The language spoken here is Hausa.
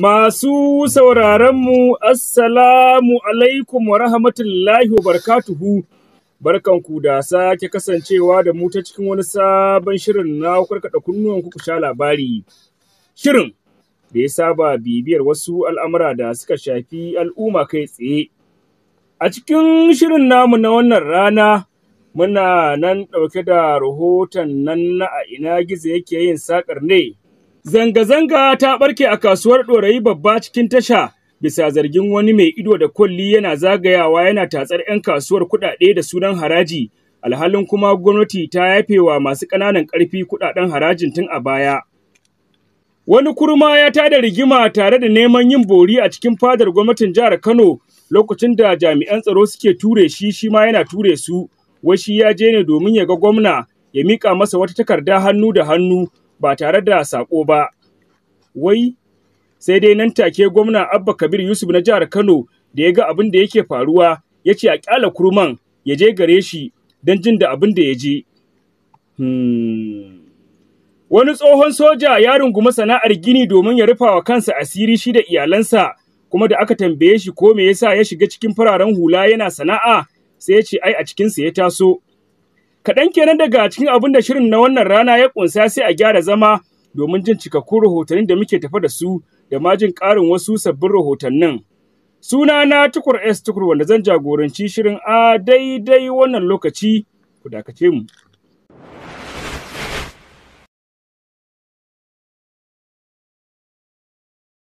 Masu sauraronmu, Assalamu alaikum wa rahmatullahi wa barkatuhu. Barkanku da sake kasancewa da mu ta cikin wani sabon shirin na karkada kunnuwanku ku sha labari. Shirin da ya saba bibiyar wasu al'amura da suka shafi al'umma kai tsaye. A cikin shirin namu na wannan rana, muna nan ɗauke da rahoton nan na a ina gizo yake yin saƙar ne. Zanga-zanga ta ɓarke a kasuwar ɗorayi babba cikin tasha bisa zargin wani mai ido da kwalli yana zagayawa yana tatsar 'yan kasuwar kuɗaɗe da sunan haraji, alhalin kuma gwamnati ta wa masu ƙananan ƙarfi kuɗaɗen harajin tun a baya. Wani kurma ya tada rigima tare da neman yin bori a cikin fadar gwamnatin jihar Kano lokacin da jami'an tsaro suke ture shi shi ma yana ture su, wai shi ya je ne domin ya ga gwamna ya miƙa masa wata takarda hannu da hannu ba tare da sako ba. Wai, sai dai nan take gwamna Abba Kabir Yusuf na jihar Kano da ya ga abin da yake faruwa ya ce a ƙyala kurman ya je gare shi don jin da abin da ya je. Hmm. Wani tsohon soja ya rungumi sana'ar gini domin ya rufa wa kansa asiri shi da iyalansa, kuma da aka tambaye shi ko me yasa ya shiga cikin fararen hula yana sana'a sai ya ce ai a cikinsa ya taso. Kaɗan kenan daga cikin abin da shirin na wannan rana ya ƙunsa sai a gyara zama domin jin cikakkun rahotannin da muke tafa da su da ma jin ƙarin wasu sabbin rahotannin. Suna na Tukur S Tukur wanda zan jagoranci shirin a daidai wannan lokaci ku dakace mu.